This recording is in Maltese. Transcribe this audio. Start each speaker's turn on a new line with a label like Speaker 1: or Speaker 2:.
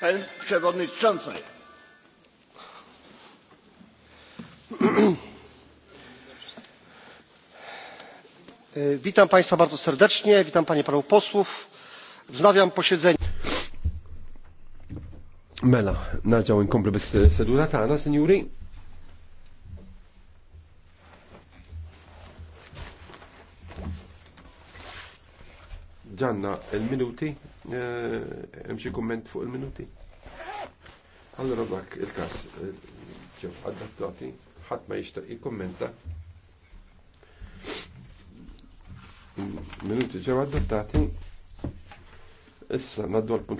Speaker 1: Herr Przewodniczący.
Speaker 2: E, witam państwa bardzo serdecznie witam panie i panów posłów wznawiam posiedzenie
Speaker 3: mela nerġgħu inkomplu bis-sedura tagħna sinjuri
Speaker 4: ġanna il-minuti Eh, hemm xi kumment fuq il-minuti.
Speaker 5: Allora dak il-każ eh, ġew adattati ħadd ma jixtaq jikkummenta.
Speaker 6: Mm, minuti ġew
Speaker 7: adattati issa naddu għal